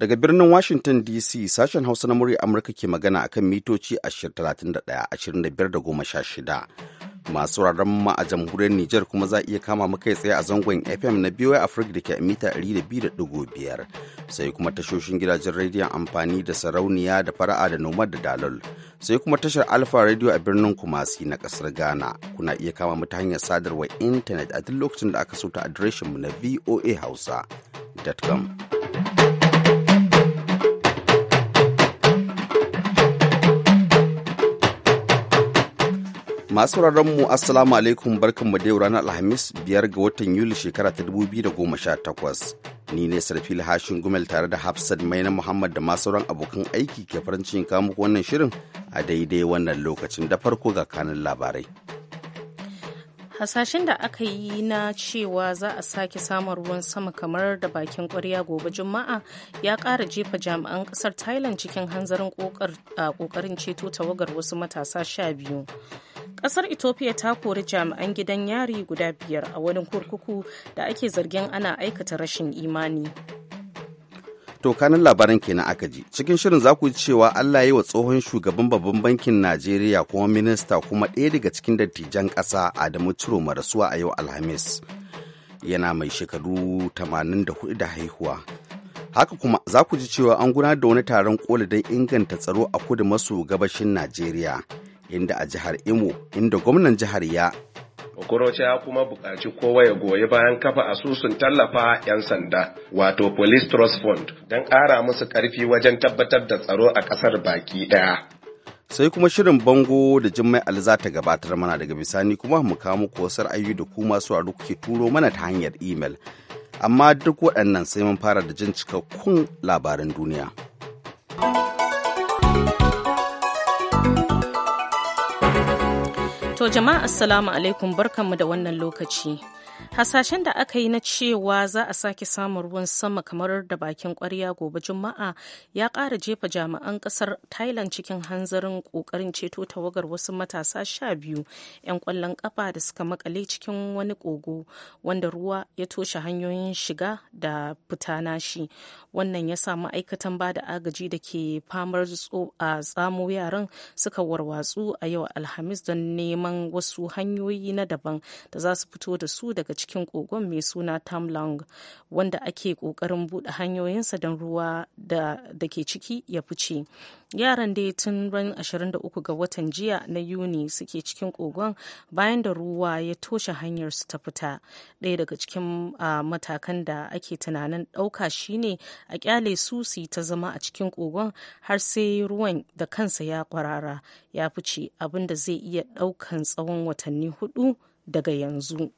Daga birnin Washington DC sashen Hausa na murya Amurka ke magana a kan mitoci 31-25-16. Masu rarren ma a jamhuriyar Nijar kuma za iya kama makai tsaye a zangon FM na BY Africa da ke a mita 200.5 sai kuma tashoshin gidajen rediyon amfani da sarauniya da fara'a da nomad da dalol sai kuma tashar Alfa Radio a birnin Kumasi na kasar Ghana kuna iya kama mu hanyar sadarwar intanet a duk lokacin da aka so ta adireshinmu na voahausa.com. Masu mu Assalamu alaikum mu da ranar Alhamis biyar ga watan Yuli shekara ta 2018. Ni ne Sarfil Hashin Gumel tare da Hafsat Maina Muhammad da masu sauran abokan aiki ke farin cikin kawo muku wannan shirin a daidai wannan lokacin da farko ga kanin labarai. hasashen da aka yi na cewa za a sake samun ruwan sama kamar da bakin kwarya gobe juma'a ya kara jefa jami'an ƙasar thailand cikin hanzarin ƙoƙarin ceto tawagar wasu matasa sha biyu kasar Ethiopia ta kori jami'an gidan yari guda biyar a wani kurkuku da ake zargin ana aikata rashin imani. To kanin labaran kenan aka ji. Cikin shirin za ku ji cewa Allah yi wa tsohon shugaban babban bankin Najeriya kuma minista kuma ɗaya daga cikin dattijan ƙasa Adamu Ciro Marasuwa a yau Alhamis. Yana mai shekaru 84 da haihuwa. Haka kuma za ku ji cewa an gudanar da wani taron koli don inganta tsaro a kudu maso gabashin Najeriya. inda a jihar Imo inda gwamnan jihar ya Okorocha ya kuma buƙaci kowa ya goyi bayan kafa asusun tallafa 'yan sanda wato Police Trust Fund don ƙara musu ƙarfi wajen tabbatar da tsaro a ƙasar baki ɗaya. Sai kuma shirin bango da Jummai Ali za ta gabatar mana daga bisani kuma mu kamo kosar ayyu da kuma su kuke turo mana ta hanyar imel. Amma duk waɗannan sai mun fara da jin cikakkun labaran duniya. To jama'a assalamu alaikum barkanmu da wannan lokaci. hasashen da aka yi na cewa za a sake samun ruwan sama kamar da bakin kwarya gobe juma'a ya ƙara jefa jami'an ƙasar thailand cikin hanzarin ƙoƙarin ceto tawagar wasu matasa sha biyu 'yan ƙwallon ƙafa da suka makale cikin wani ƙogo wanda ruwa ya toshe hanyoyin shiga da fita nashi wannan ya sa ma'aikatan ba da agaji da ke famar a tsamo yaran suka warwatsu a yau alhamis don neman wasu hanyoyi na daban da za su fito da su daga daga cikin kogon mai suna tamlong wanda ake kokarin buɗe hanyoyinsa don ruwa da ke ciki ya fice yaran dai tun ran 23 ga watan jiya na yuni suke cikin kogon bayan da ruwa ya toshe hanyar su ta fita ɗaya daga cikin matakan da ake tunanin ɗauka shine a kyale su su ta zama a cikin kogon har sai ruwan da kansa ya kwarara ya fice abin da zai iya ɗaukan tsawon watanni hudu daga yanzu.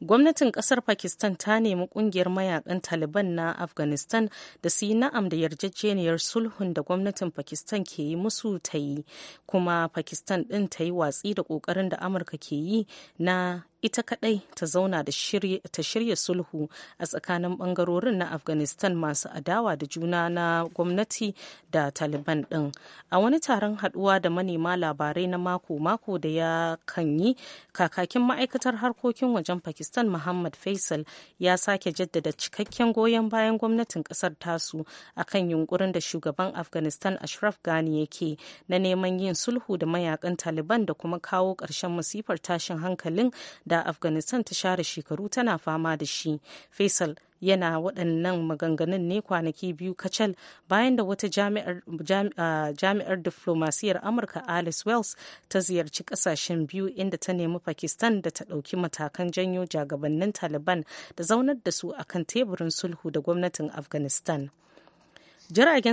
gwamnatin ƙasar pakistan ta nemi ƙungiyar mayakan taliban na afghanistan da su yi na'am da yarjejeniyar sulhun da gwamnatin pakistan ke yi musu ta yi kuma pakistan ɗin ta yi watsi da ƙoƙarin da amurka ke yi na ita kadai ta zauna ta shirya sulhu a tsakanin bangarorin na afghanistan masu adawa da juna na gwamnati da taliban din a wani taron haduwa da manema labarai na mako-mako da ya kan yi kakakin ma'aikatar harkokin wajen pakistan muhammad faisal ya sake jaddada cikakken goyon bayan gwamnatin kasar tasu a kan yunkurin da shugaban afghanistan ashraf ghani yake na neman yin sulhu da mayakan taliban da kuma kawo ƙarshen masifar tashin hankalin da da afghanistan ta share shekaru tana fama da shi faisal yana waɗannan maganganun ne kwanaki biyu kacal bayan da wata jami'ar diflomasiyar amurka alice wells ta ziyarci ƙasashen biyu inda ta nemi pakistan da ta ɗauki matakan janyo jagabannin taliban da zaunar da su akan teburin sulhu da gwamnatin afghanistan Jiragen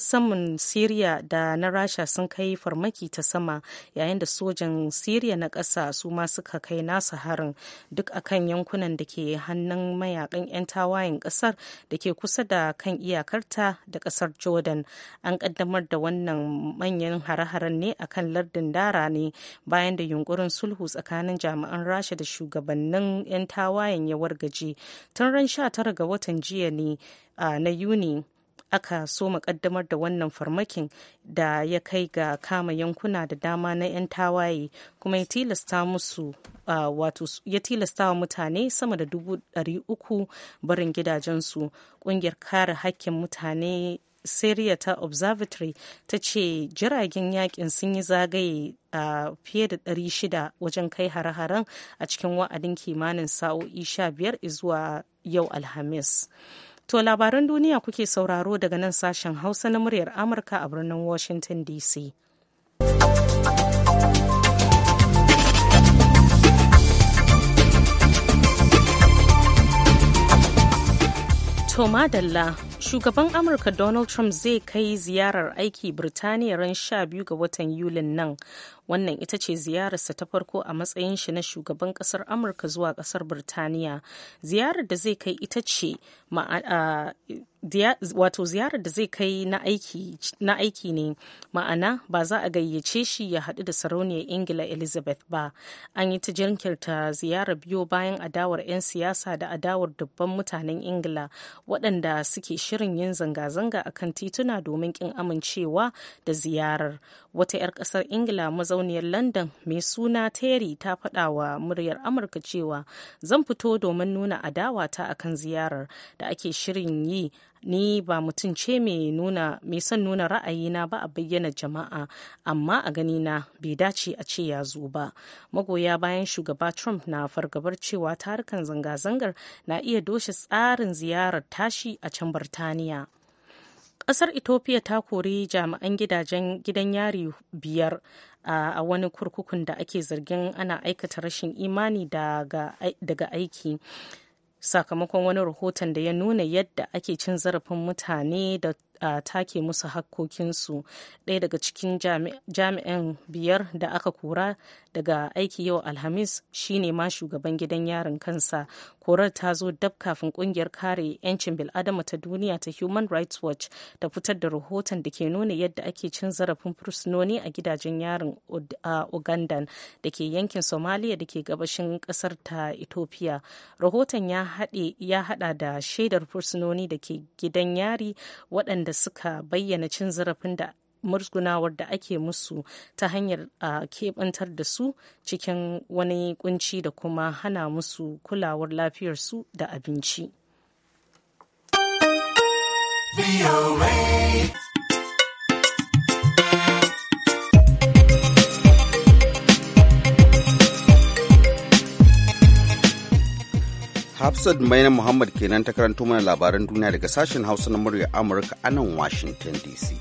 saman Siriya da na Rasha sun kai farmaki ta sama yayin da sojan Siriya na ƙasa su ma suka kai nasa harin duk akan yankunan da ke hannun mayakan 'yan tawayen ƙasar da ke kusa da kan iyakarta da ƙasar Jordan. An ƙaddamar da wannan manyan hare-haren ne akan lardin Dara ne bayan da yunkurin sulhu tsakanin jami'an Rasha da shugabannin 'yan tawayen ya wargaje tun ran 19 ga watan jiya ne na yuni aka so makaddamar da wannan farmakin da ya kai ga kama yankuna da dama na 'yan tawaye kuma ya tilasta ya tilasta wa mutane sama da dubu uku barin gidajensu ƙungiyar kare hakkin mutane Syria ta Observatory ta ce jiragen yakin sun yi zagaye a fiye da 600 wajen kai hare-haren a cikin wa'adin kimanin sa'o'i 15 zuwa yau Alhamis. To labaran duniya kuke sauraro daga nan sashen Hausa na muryar Amurka a birnin Washington DC. To madalla Shugaban Amurka Donald Trump zai kai ziyarar aiki Birtaniya ran sha biyu ga watan Yulin nan. Wannan ita ce ziyararsa ta farko a matsayin shi na shugaban kasar Amurka zuwa kasar Birtaniya. Ziyarar da zai kai ita ce wato ziyarar da zai kai na aiki, ne ma'ana ba za a gayyace shi ya haɗu da sarauniyar ingila elizabeth ba an yi ta jinkirta ziyarar biyo bayan adawar 'yan siyasa da adawar dubban mutanen ingila waɗanda suke shirin yin zanga-zanga a kan tituna domin ƙin amincewa da ziyarar wata 'yar ƙasar ingila mazauniyar london mai suna terry ta faɗa wa muryar amurka cewa zan fito domin nuna adawata a kan ziyarar da ake shirin yi ni ba mutum ce mai son nuna ra'ayina ba a bayyana jama'a amma a gani na bai dace a ce ya zo ba magoya bayan shugaba trump na fargabar cewa tarukan zanga-zangar na iya doshe tsarin ziyarar tashi a can birtaniya kasar ethiopia ta kori jami'an gidajen gidan yari biyar a wani kurkukun da ake zargin ana aikata rashin imani daga aiki sakamakon wani rahoton da ya nuna yadda ake cin zarafin mutane da a take musu hakkokinsu ɗaya daga cikin jami'an biyar da aka kora daga aiki yau alhamis shine ma shugaban gidan yarin kansa korar ta zo dab kafin kungiyar kare 'yancin bil'adama ta duniya ta human rights watch ta fitar da rahoton da ke nuna yadda ake cin zarafin fursunoni a gidajen yarin a ugandan da ke yankin somalia da ke gabashin kasar ta ethiopia rahoton ya hada da shaidar fursunoni da ke gidan yari waɗanda da suka bayyana cin zarafin da murgunawar da ake musu ta hanyar a keɓantar da su cikin wani kunci da kuma hana musu kulawar lafiyarsu da abinci. Hafsat Maina Muhammad kenan ta karanto mana labaran duniya daga sashen Hausa na murya Amurka a nan Washington DC.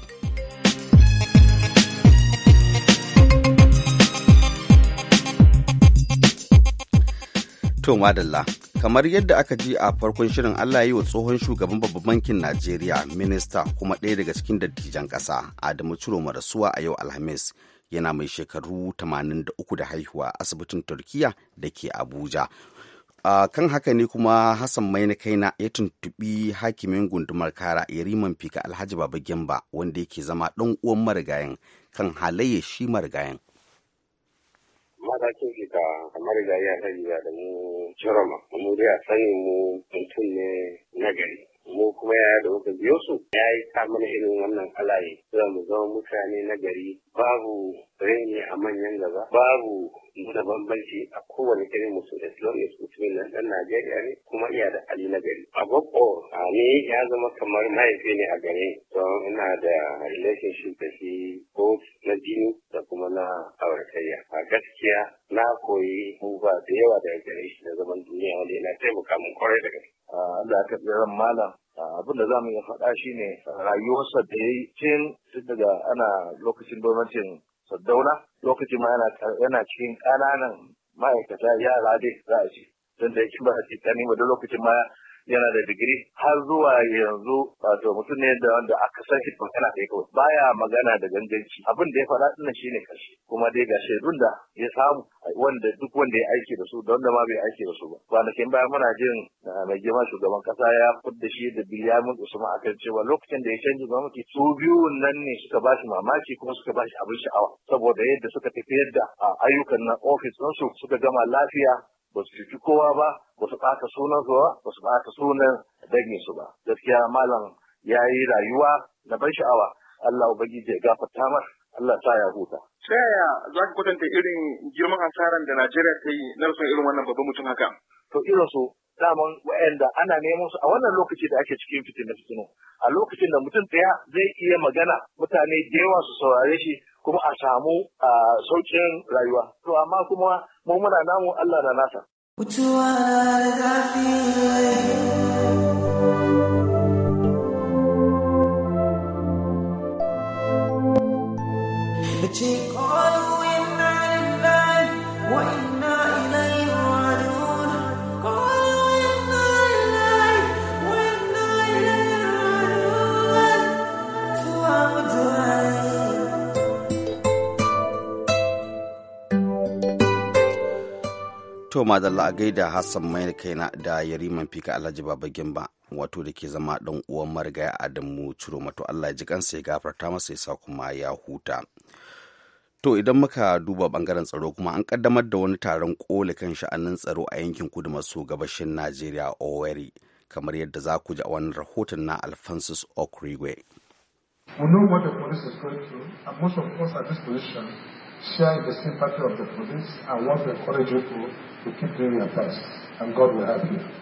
To madalla, kamar yadda aka ji a farkon shirin Allah yi wa tsohon shugaban babban bankin Najeriya, minista kuma ɗaya daga cikin dattijan ƙasa, Adamu Ciro Marasuwa a yau Alhamis. yana mai shekaru 83 da haihuwa asibitin turkiya da ke abuja a kan haka ne kuma hassan mai na kaina ya tuntubi hakimin gundumar kara yariman fika alhaji baba gemba wanda yake zama ɗan uwan marigayen kan halayya shi marigayen matakin fika marigayi a da mu ciroma mu dai a sani mu mutum ne na gari mu kuma yaya da muka biyo su ya yi ta mana irin wannan halaye za mu zama mutane na gari babu raini a manyan gaba babu nuna bambanci a kowane irin mutum islam ya mutumin nan dan najeriya ne kuma iya da hali na gari a babbo a ni ya zama kamar mahaifi ne a gare don ina da relationship da shi ko na jini da kuma na auratayya a gaskiya na koyi buba da yawa daga gare shi na zaman duniya wanda yana taimaka min kwarai da gaske Allah ya karɓi ran malam ah, abin da za mu iya faɗa ne ah, rayuwarsa da ya yi tun daga ana lokacin gwamnatin Saddauna lokacin ma yana cikin ƙananan ma'aikata yara dai za a ce tun da yake ba a ce kani da lokacin ma yana da digiri har zuwa yanzu wato mutum ne da wanda aka san shi magana ɗaya kawai baya magana da ganganci abin da ya faɗa ɗin shi ne kashi kuma dai ga shaidun da ya samu wanda duk wanda ya aiki da su da wanda ma bai aiki da su ba kwanakin baya muna jin ah, mai girma shugaban kasa ya fudda shi da biyamin usman akan cewa lokacin da ya canji gwamnati su biyu nan ne suka ba shi mamaki kuma suka ba shi abin sha'awa saboda yadda suka tafiyar da ah, ayyukan na ofis ɗinsu suka gama lafiya ba su cuci kowa ba ba su ɓata sunan ba ba su ɓata sunan dangin su ba gaskiya malam ya yi rayuwa na ban sha'awa Allah ubangiji ya gafarta mar Allah ta ya huta ta yaya za ka kwatanta irin girman asaran da Najeriya ta yi na rasuwar irin wannan babban mutum haka to irin su daman wa'anda ana neman su a wannan lokaci da ake cikin fitina fitinu a lokacin da mutum ɗaya zai iya magana mutane da yawa su saurare shi kuma a samu a saukin rayuwa to amma kuma mu muna namu Allah na nasa Take to madalla a gaida hassan mai kaina da yariman fika alhaji baba gimba wato da ke zama dan uwan marigaya adamu ciro mato allah ya ji kansa ya gafarta masa sa kuma ya huta to idan muka duba bangaren tsaro kuma an kaddamar da wani taron koli kan sha'anin tsaro a yankin kudu maso gabashin najeriya oweri kamar yadda za ku ji a wannan rahoton na alphonsus okrigwe We know what the police is going through, and most of us at this position share the sympathy of the police and want to encourage you to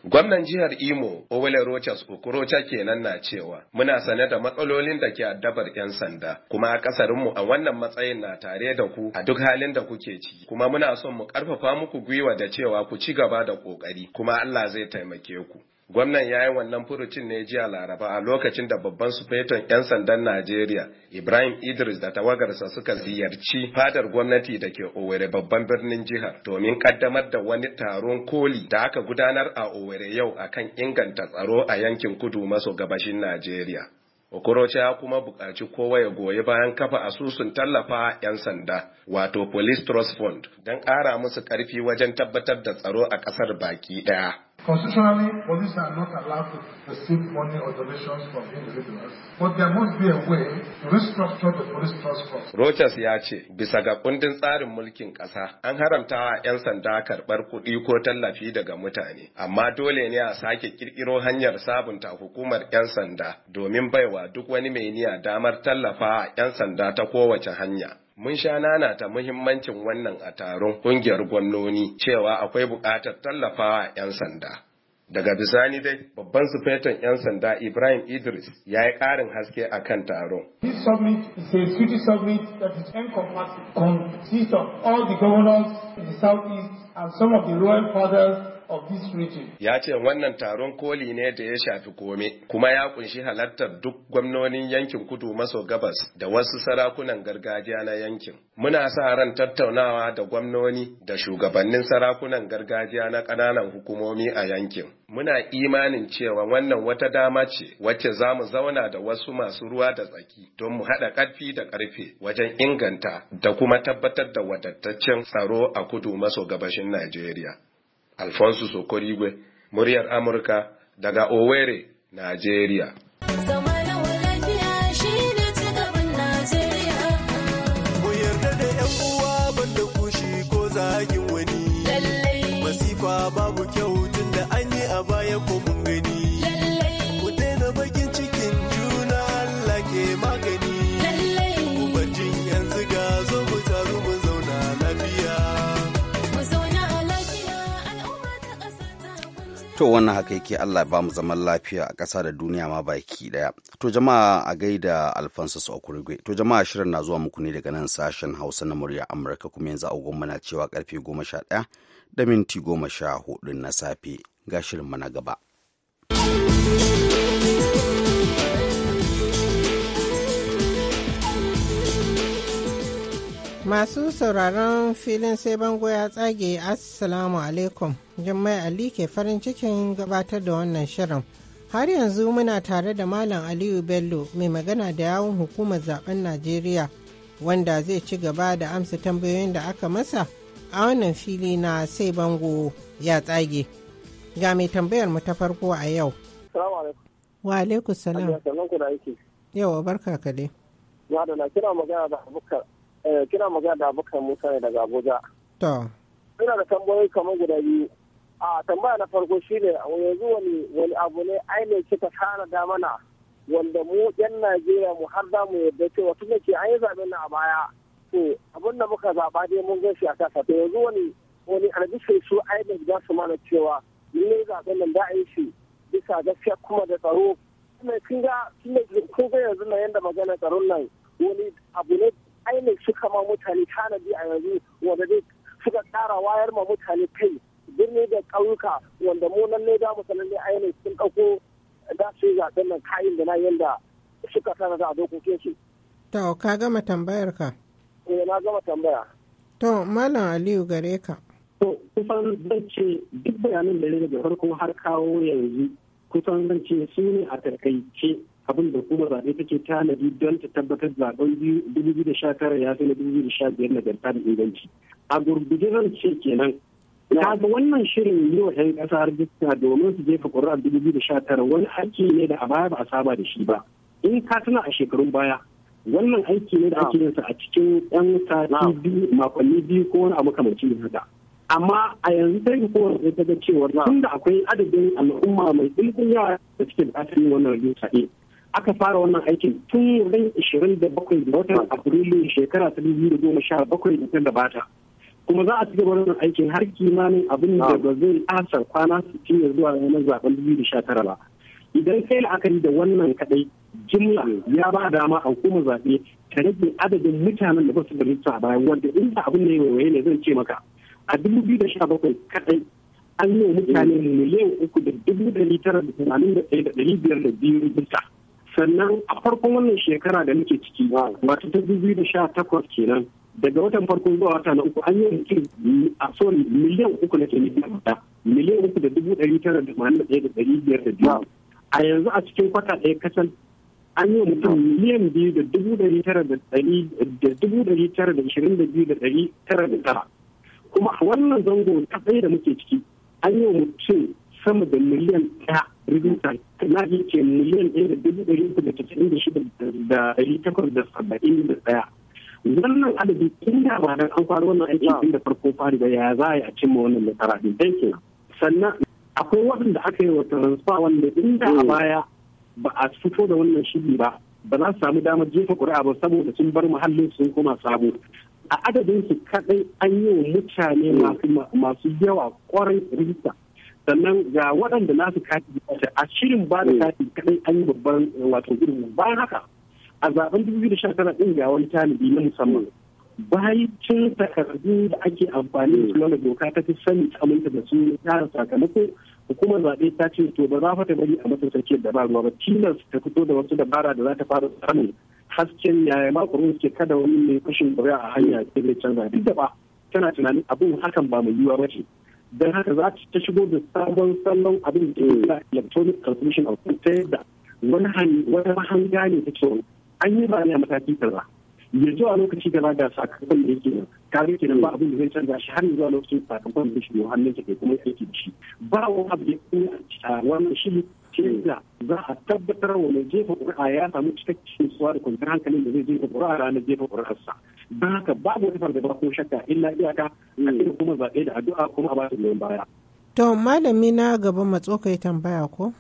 Gwamnan jihar Imo, Owele Rochas Okorocha kenan na cewa muna sane da matsalolin da ke addabar 'yan sanda kuma kasarinmu a wannan matsayin na tare da ku a duk halin da kuke ci kuma muna son mu karfafa muku gwiwa da cewa ku ci gaba da kokari kuma Allah zai taimake ku. Gwamnan ya yi wannan furucin ne jiya Laraba a lokacin da babban sufeton 'yan sandan Najeriya Ibrahim Idris da tawagarsa suka ziyarci fadar gwamnati da ke owere babban birnin jihar domin kaddamar da wani taron koli da aka gudanar a owere yau akan inganta tsaro a yankin kudu maso gabashin Najeriya. Okorocha ya kuma buƙaci kowa ya goyi bayan kafa asusun tallafa 'yan sanda, wato Police Trust Fund, don ƙara musu ƙarfi wajen tabbatar da tsaro a ƙasar baki ɗaya. Constitutionally, police are not allowed to receive money or donations from individuals, but there must be a way to restructure the police trust fund. Rochas ya ce, bisa ga kundin tsarin mulkin ƙasa, an haramta wa 'yan sanda karɓar kuɗi ko tallafi daga mutane, amma dole ne a sake ƙirƙiro hanyar sabunta hukumar 'yan sanda domin baiwa duk wani mai niyya damar tallafa 'yan sanda ta kowace hanya. mun sha ta muhimmancin wannan a taron kungiyar gwamnoni cewa akwai buƙatar tallafawa 'yan sanda. Daga bisani dai babban sufetan 'yan sanda Ibrahim Idris ya yi ƙarin haske a kan taron. This summit is a Swedish summit that is encompassing consists of all the governors in the southeast and some of the royal fathers Ya ce wannan taron koli ne da ya shafi kome, kuma ya kunshi halartar duk gwamnonin yankin kudu maso gabas da wasu sarakunan gargajiya na yankin. Muna sa ran tattaunawa da gwamnoni da shugabannin sarakunan gargajiya na ƙananan hukumomi a yankin. Muna imanin cewa wannan wata dama ce wacce za mu zauna da wasu masu ruwa da tsaki don mu haɗa ƙarfi da ƙarfe wajen inganta da kuma tabbatar da wadataccen tsaro a kudu maso gabashin Najeriya. Alfonso Sokorigwe, muryar Amurka daga Owerri, Najeriya. To wannan haka yake Allah ba mu zaman lafiya a ƙasa da duniya ma baki ɗaya. To jama'a a gaida su Okurigwe. To jama'a shirin na zuwa muku ne daga nan sashen Hausa na murya Amurka kuma yanzu agogon muna cewa karfe goma sha ɗaya da minti goma sha hudu na safe ga shirin mana gaba. Masu sauraron filin sai bango ya tsage Assalamu alaikum. Jummai Ali ke farin cikin gabatar da wannan shirin. Har yanzu muna tare da Malam Aliyu Bello mai magana da yawon hukumar zaben Najeriya wanda zai ci gaba da amsa tambayoyin da aka masa a wannan fili na sai bango ya tsage. Ga mai tambayar mu ta farko a yau. Wa alaikum Yawa barka ka dai. Na da na kira magana da abubakar Eh, kina magana da abokan musa ne daga abuja to ina da tambayoyi kamar guda biyu a tambaya na farko shine yanzu wani wani abu ne ainihin kika da mana wanda mu yan najeriya mu har za mu yadda cewa tun da ke an yi zaɓe na a baya to abin da muka zaɓa dai mun gan shi a kasa to yanzu wani wani albishe su ainihin za su mana cewa ne zaɓen nan da yi shi bisa gaskiya kuma da tsaro kuma kun ga ga yanzu na yanda magana tsaron nan wani abu ne INEC suka kama mutane tanadi a yanzu wanda zai suka kara wayar ma mutane kai birni da ƙauyuka wanda mu nan ne da ne INEC sun ɗauko da su yi zaɓen nan kayan da na yanda suka tanada a dokokin su. To, ka gama tambayar ka? Eh, na gama tambaya. To, Malam Aliyu gare ka. To, kusan zan ce duk bayanan da daga farko har kawo yanzu kusan zan ce su ne a tarkaice abin da hukumar zaɓe take tanadi don ta tabbatar zaɓen tara ya fi na dubu biyu da sha biyar na inganci a gurguje zan ce kenan ga wannan shirin yi wa 'yan ƙasa rajista domin su jefa ƙuri'a tara. wani aiki ne da a baya ba a saba da shi ba in ka tuna a shekarun baya wannan aiki ne da ake yin sa a cikin 'yan sati biyu makonni biyu ko wani abu kamar cikin haka amma a yanzu sai ko sai ta ga cewa tunda akwai adadin al'umma mai ɗimbin yawa da suke da yin wannan rajin aka fara wannan aikin tun ran 27 da watan afrilu shekara ta 2017 da ta gabata kuma za a ci gaba wannan aikin har kimanin abin da ba zai asar kwana 60 ya zuwa ranar zaben 2019 ba idan kai la'akari da wannan kadai jimla ya ba dama a hukumar zaɓe ta rage adadin mutanen da ba su da a bayan wanda inda abin da ya waiwaye ne zan ce maka a 2017 kadai an yi wa mutane miliyan uku da dubu da tara da tunanin da ɗaya da ɗari biyar da biyu bisa sannan a farkon wannan shekara da muke ciki wata ta dubu da sha takwas kenan daga watan farkon zuwa wata na uku an yi rikin a son miliyan uku na taimakon da miliyan uku da dubu ɗari tara da ma'ana ɗaya da ɗari biyar da biyu a yanzu a cikin kwata ɗaya kasan an yi mutum miliyan biyu da dubu ɗari tara da ɗari da dubu ɗari tara da ishirin da biyu da ɗari tara da tara kuma a wannan zango ta ɗaya da muke ciki an yi mutum sama da miliyan ɗaya rubuta na yi ke miliyan ɗaya da dubu ɗari da casa'in da shida da ɗari takwas da saba'in da ɗaya wannan adadi inda ba da an faru wannan aikin da farko fari ba ya za a yi a cimma wannan nasara ɗin dai kenan sannan akwai waɗanda aka yi wa transfer wanda inda a baya ba a fito da wannan shiri ba ba za su samu damar jefa ƙuri'a ba saboda sun bar muhallin sun koma sabo a adadin su kaɗai an yi wa mutane masu yawa kwarai rijista sannan ga waɗanda su kati a shirin ba da mm. kati kaɗai an yi babban eh, wato irin bayan haka a zaben 2019 ɗin ga wani talibi na musamman bayan takardu da ake amfani da mm. na doka ta fi sani ta aminta da su tara sakamako hukumar zaɓe ta ce to ba za fa ta bari a matsayin da ba ruwa ba tilas ta fito da wasu dabara da za ta fara samun hasken yaya makurin suke kada wani mai fashin ƙuri'a a hanya ke zai canza duk da ba tana tunanin abin hakan ba mai yiwuwa ba ce don haka za ta shigo da sabon salon abin da electronic transmission of ta yadda wani mahanga ne ta ce an yi ba ne a mataki kaza ya zuwa lokaci gaba da sakamakon da yake ke nan ba abin da zai canza shi har zuwa lokacin sakamakon da shi hannun sa ke kuma yake da shi ba wa abu da yake a wannan shi da za a tabbatar wa mai jefa ƙuri'a ya samu cikakken suwa da kwanciyar hankalin da zai jefa ƙuri'a ranar jefa ƙuri'arsa don haka babu wata fargaba ko shakka illa iyaka a kuma zaɓe da addu'a kuma a ba su goyon baya. to malami na gaba matso kai tambaya ko.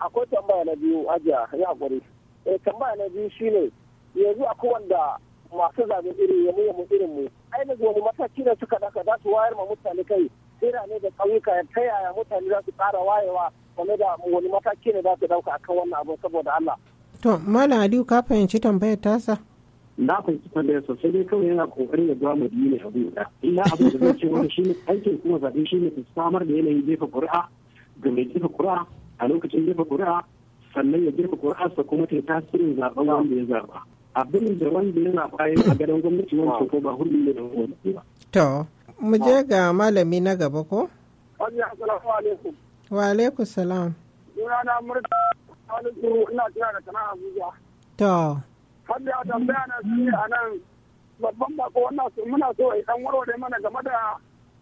akwai tambaya na biyu ajiya ya kware. Eh, tambaya na biyu shine yanzu a wanda masu zaben iri ya mu irin mu ainihin wani mataki da suka daka za su wayar ma mutane kai sai ne da ƙauyuka ta yaya mutane za su ƙara wayewa game da wani mataki ne za su dauka akan wannan abu saboda Allah. To Malam Aliyu ka fahimci tambayar tasa? Na fahimci tambayar sai dai kawai yana kokarin ya ba mu biyu ne abu da Illa abin da zai ce wani shi ne aikin kuma zaɓe shi ne samar da yanayin jefa ƙuri'a ga mai jefa ƙuri'a a lokacin jefa ƙuri'a sannan ya jefa sa kuma ta tasirin zaɓen wanda ya zaɓa. abin da wanda yana bayan a gadon gwamnati wancan ko ba hudu ne da gwamnati To, mu je ga malami na gaba ko? Wani assalamu alaikum. Wa alaikum salam. Suna na murta alaikum ina kira da sana'a Abuja. To. Hadda ya tambaya na su ne a nan babban bako wannan su muna so ya dan warware mana game da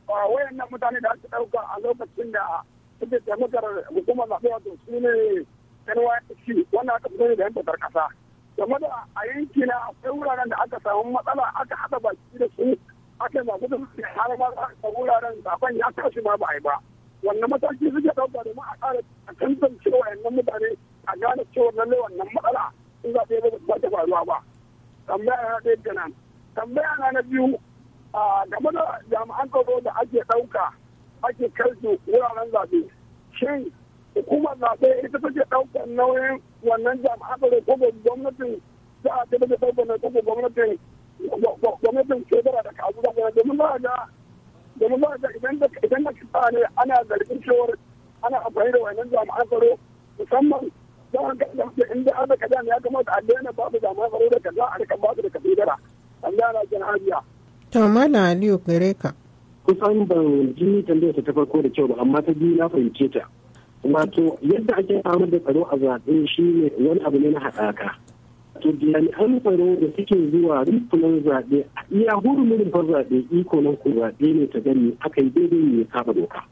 wayan wayannan mutane da aka dauka a lokacin da suke taimakar hukumar zaɓe wato su ne NYC wannan aka fito da yan tabar ƙasa. game da a yanki na akwai wuraren da aka samu matsala aka haɗa baki da su aka zaɓi da suke har ma a wuraren akwai ya kashi ma ba a yi ba wannan mataki suke ɗauka domin a ƙara a tantance yannan mutane a gane cewa lallai wannan matsala sun zaɓe ba ta faruwa ba tambaya na ɗaya kenan tambaya na na biyu game da jami'an tsaro da ake ɗauka ake kai wuraren zaɓe shin hukumar zaɓe ita take ɗaukar nauyin wannan jami'an tsaro ko gwamnatin a ta daga sauƙana ko gwamnatin gwamnatin shekara da kazu da gwamnati domin ba ga domin ba ga idan da idan da kisa ne ana zargin cewar ana amfani da wannan jami'an tsaro musamman don ga da inda an da kaza ne ya kamata a daina babu jami'an tsaro da kaza a rikan babu da kasidara an gana jin hajiya. to mala aliyu gare ka. kusan ban jini tambayar ta farko da kyau ba amma ta biyu na fahimce ta. wato yadda ake samar da tsaro a zaɓe shi ne wani abu ne na haɗaka to jami'an tsaro da suke zuwa rukunan zaɓe iya hurumin ba zaɓe iko nan ku zaɓe ne ta gani aka yi daidai ne saba doka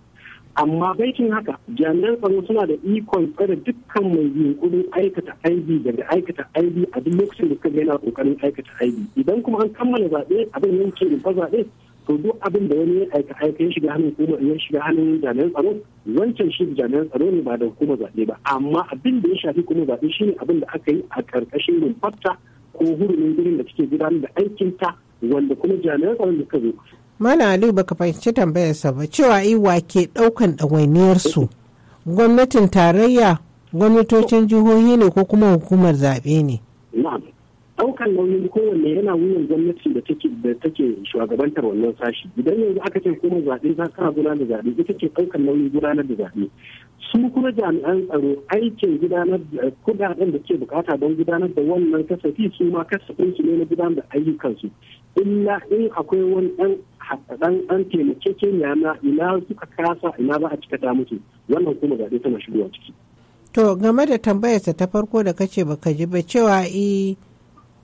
amma baikin haka jami'an tsaro suna da ikon tsare dukkan mai yunkurin aikata ib daga aikata ib a duk lokacin da suka yana kokarin aikata aibi idan kuma an kammala zaɓe abin yanke ba zaɓe to duk abin da wani ya aika ya shiga hannun hukumar ya shiga hannun jami'an tsaro wancan shi jami'an tsaro ne ba da hukumar zaɓe ba amma abin da ya shafi kuma zaɓe shine abin da aka yi a ƙarƙashin rumfarta ko hurumin girin da take gudanar da aikinta wanda kuma jami'an tsaron da suka zo. Mana Ali baka fahimci tambayar sa ba cewa iwa ke ɗaukan su gwamnatin tarayya gwamnatocin jihohi ne ko kuma hukumar zaɓe ne. daukan nauyin kowanne yana wuyan gwamnati da take da take shugabantar wannan sashi idan yanzu aka ce kuma zaɓe za ka gudanar da zaɓe ita ce daukan nauyin gudanar da zaɓe su kuma jami'an tsaro aikin gudanar da kudaden da ke bukata don gudanar da wannan kasafi su ma kasafin su ne na gudanar da ayyukansu illa in akwai wani dan dan dan taimakekeniya na ina suka kasa ina za a cika cikata mutu wannan kuma zaɓe tana shigowa ciki. To game da tambayarsa ta farko da kace baka ji ba cewa i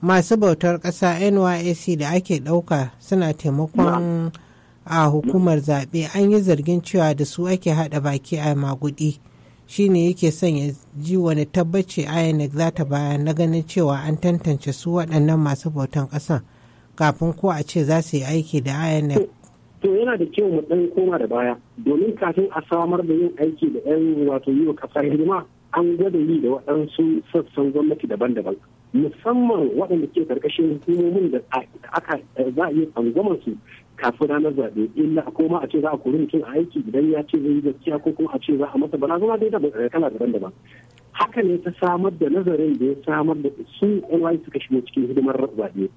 masu bautar ƙasa NYSC da ake ɗauka suna taimakon a hukumar zaɓe an yi zargin cewa da su ake haɗa baki a maguɗi shine yake son ya ji wani tabbaci INEC za ta bayan na ganin cewa an tantance su waɗannan masu bautan kasan kafin ko a ce za su yi aiki da INEC to yana da kyau mu ɗan koma da baya domin kafin a samar da yin aiki da 'yan wato yi wa ƙasa hidima an gwada yi da waɗansu sassan gwamnati daban-daban musamman waɗanda ke karkashin hukumomin da aka eh, za a yi tsangwamar su kafin ranar zaɓe illa ko ma a ce za a kori mutum a aiki idan ya ce zai yi gaskiya ko kuma a ce za a masa barazana dai da eh, kala daban-daban haka ne ta samar da nazarin da ya samar da su NY suka shigo cikin hidimar zaɓe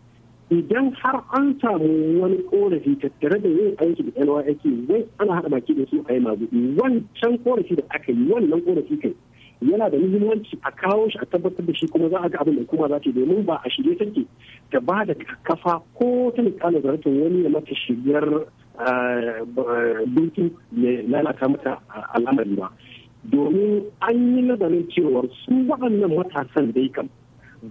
idan har an samu wani korafi tattare da yin aiki da NY zai ana haɗa baki da su a yi maguɗi wancan korafi da aka yi wannan korafi kai yana da muhimmanci a kawo shi a tabbatar da shi kuma za a ga abin da kuma za ta domin ba a shirye take ta ba da kafa ko ta da zarafin wani ya mata shigar dokin eh, ya lalata mata al'amari ba domin an yi nazarin cewa su waɗannan matasan dai kam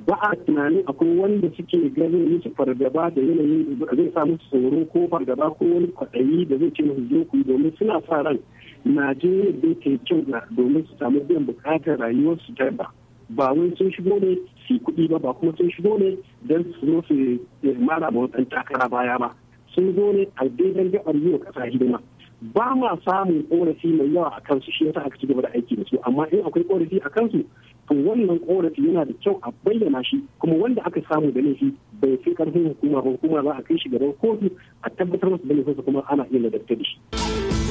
ba a tunanin akwai wanda suke ganin musu fargaba da yanayin zai samu tsoro ko fargaba ko wani kwaɗayi da zai ce musu zo domin suna sa ran na je yadda ke kyau domin su samu biyan bukatar rayuwarsu ta ba ba wai sun shigo ne su kuɗi ba ba kuma sun shigo ne don su zo su eh, mara ba wasan takara baya ba sun zo ne a daidai gabar yi wa ƙasa hidima ba ma samun ƙorafi mai yawa a kansu shi yasa aka ci gaba da aiki da su amma in akwai korafi a kansu to wannan ƙorafi yana da kyau a bayyana shi kuma wanda aka samu da laifi bai fi karfin hukuma ba hukuma za a kai shi gaban kotu a tabbatar masa da laifinsa kuma ana iya ladabta da shi.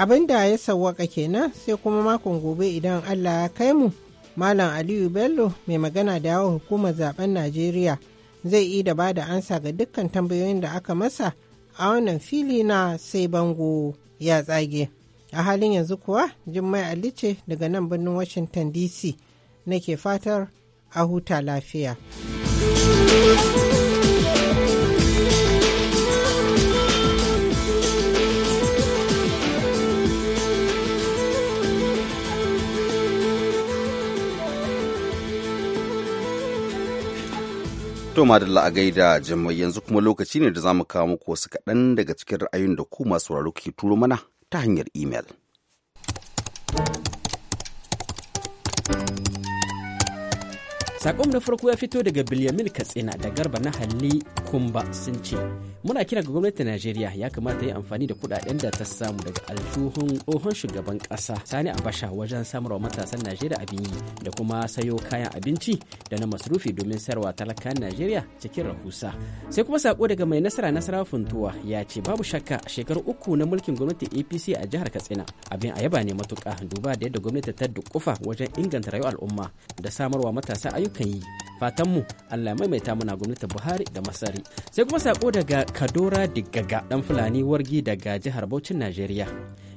abin da ya sawwaka kenan sai kuma makon gobe idan allah ya kai mu malam aliyu bello mai magana da yawon hukumar zaben najeriya zai yi da ba da ansa ga dukkan tambayoyin da aka masa a wannan fili na sai bango ya tsage a halin yanzu kuwa jummai alice daga nan birnin washington dc nake fatar a huta lafiya. To madalla a gaida yanzu kuma lokaci ne da za mu kawo muku wasu kaɗan daga cikin ra'ayin da ku masu sauraro ke turo mana ta hanyar imel. Sakon na farko ya fito daga Bilyamin Katsina da Garba na Halli Kumba sun ce, Muna kira ga gwamnatin Najeriya ya kamata yi amfani da kudaden da ta samu daga alfuhun tsohon shugaban ƙasa Sani Abasha wajen samarwa matasan Najeriya abin yi da kuma sayo kayan abinci da na masrufi domin sayarwa talakan Najeriya cikin rahusa. Sai kuma sako daga mai nasara nasara funtuwa ya ce babu shakka shekaru uku na mulkin gwamnati APC a jihar Katsina abin a yaba ne matuƙa duba da yadda gwamnati ta dukufa wajen inganta rayuwar al'umma da samarwa matasa ayyuka mukan yi fatanmu Allah maimaita muna gwamnati Buhari da Masari. Sai kuma sako daga Kadora Diggaga dan Fulani Wargi daga jihar Bauchin Najeriya.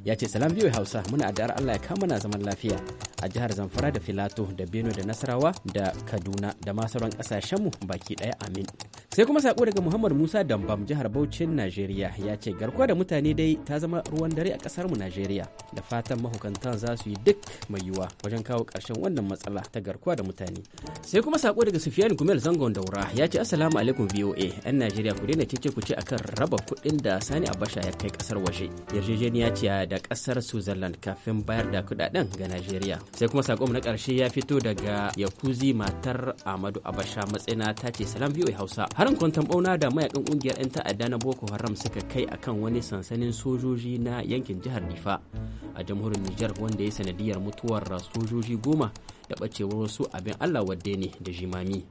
Ya ce salam biyu Hausa muna addu'ar Allah ya kama na zaman lafiya a jihar Zamfara da Filato da Benue da Nasarawa da Kaduna da ma sauran kasashenmu baki daya amin. sai kuma sako daga muhammad musa dambam jihar Bauchin najeriya ya ce garkuwa da mutane dai ta zama ruwan dare a kasar mu najeriya da fatan mahukantan za su yi duk mai yiwuwa wajen kawo ƙarshen wannan matsala ta garkuwa da mutane sai kuma sako daga sufiyan gumel zangon daura ya ce assalamu alaikum voa yan najeriya ku daina cece ku ce akan raba kuɗin da sani abasha ya kai kasar waje yarjejeniya ce da kasar switzerland kafin bayar da kuɗaɗen ga najeriya sai kuma sako na ƙarshe ya fito daga yakuzi matar amadu abasha matsina ta ce salam voa hausa harin kwantan bauna da mayakan kungiyar 'yan ta'adda na boko haram suka kai a kan wani sansanin sojoji na yankin jihar nifa a jamhuriyar nijar wanda ya sanadiyar mutuwar sojoji goma da bacewar wasu abin allah wadde ne da jimami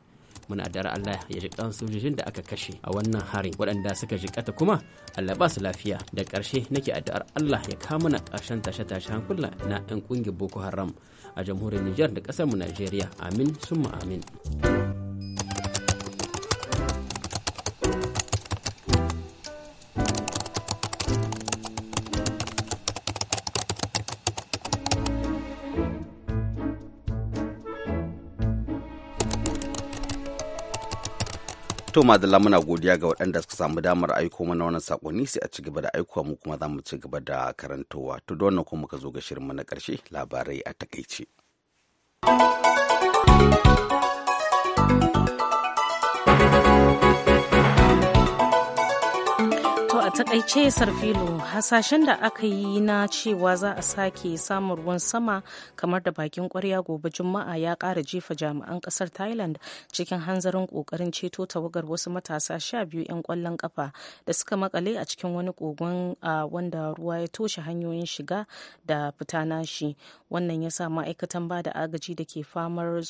muna dara Allah ya ji kan sojojin da aka kashe a wannan harin waɗanda suka ta kuma Allah ba su lafiya da ƙarshe nake addu'ar Allah ya kama mana ƙarshen tashe-tashe hankula na 'yan ƙungiyar Boko Haram a jamhuriyar Nijar da ƙasar mu Najeriya amin summa amin. To madalla muna godiya ga waɗanda suka samu damar aiko mana wannan sakonni sai a ci gaba da aikowa mu kuma za mu ci gaba da karantowa. To da wannan kuma ka zo ga shirinmu na ƙarshe labarai a takaice. takaice sarfilu hasashen da aka yi na cewa za a sake samun ruwan sama kamar da bakin kwarya gobe juma'a ya kara jefa jami'an kasar thailand cikin hanzarin kokarin ceto tawagar wasu matasa sha biyu 'yan kwallon kafa da suka makale a cikin wani kogon wanda ruwa ya toshe hanyoyin shiga da fita nashi wannan ya sa ma'aikatan ba da agaji da ke famar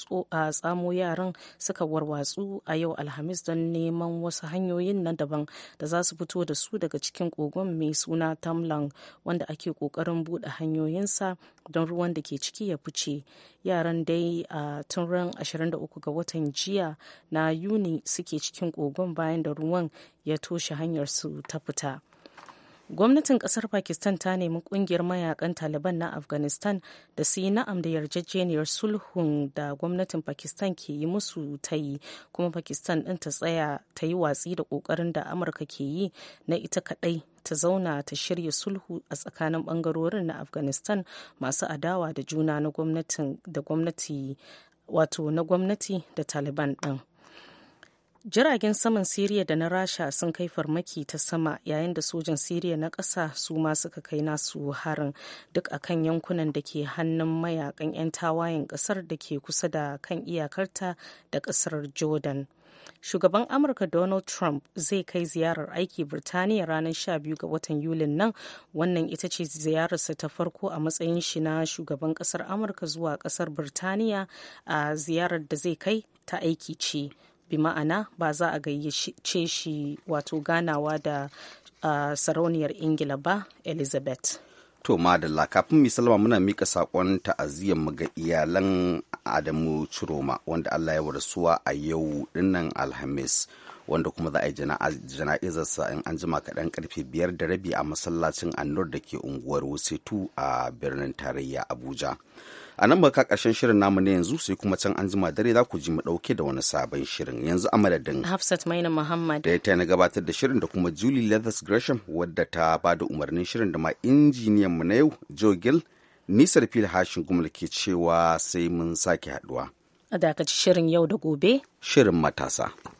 tsamo yaran suka warwatsu a yau alhamis don neman wasu hanyoyin na daban da za su fito da su daga daga cikin kogon mai suna tamlan wanda ake kokarin bude hanyoyinsa don ruwan da ke ciki ya fice yaran dai a tun ran 23 ga watan jiya na yuni suke cikin kogon bayan da ruwan ya toshe hanyar su ta fita gwamnatin kasar pakistan ta nemi kungiyar mayakan taliban na afghanistan da su yi na'am da yarjejeniyar sulhun da gwamnatin pakistan ke yi musu ta yi kuma pakistan din ta tsaya ta yi watsi da ƙoƙarin da amurka ke yi na ita kaɗai ta zauna ta shirya sulhu a tsakanin bangarorin na afghanistan masu adawa da juna na gwamnati da wato na gwamnati da taliban din jiragen saman siriya da na rasha sun kai farmaki ta sama yayin da sojan siriya na ƙasa su ma suka kai nasu harin duk a kan yankunan da ke hannun mayakan 'yan tawayen ƙasar da ke kusa da kan iyakarta da ƙasar jordan shugaban amurka donald trump zai kai ziyarar aiki birtaniya ranar 12 ga watan yulin nan wannan ita ce ziyararsa ta farko a matsayin shi na shugaban kasar amurka zuwa kasar birtaniya a ziyarar da zai kai ta aiki ce bi ma'ana ba za a gayyace shi wato ganawa da sarauniyar ingila ba elizabeth to madalla kafin mu salama muna mika saƙon ta'aziyyar mu ga iyalan adamu ciroma wanda allah ya warasuwa a yau dinnan alhamis wanda kuma za a yi jana'izarsa in an jima kaɗan karfe biyar da rabi a masallacin annur da ke unguwar wasetu a birnin tarayya abuja a nan baka ƙarshen shirin namu na yanzu sai kuma can an jima dare za ku ji mu ɗauke da wani sabon shirin yanzu a madadin hafsat maina muhammad da ta na gabatar da shirin da kuma julie leathers gresham wadda ta ba da umarnin shirin da ma injiniyan mu na yau joe gill nisar fil hashin gumal ke cewa sai mun sake haduwa a dakaci shirin yau da gobe shirin matasa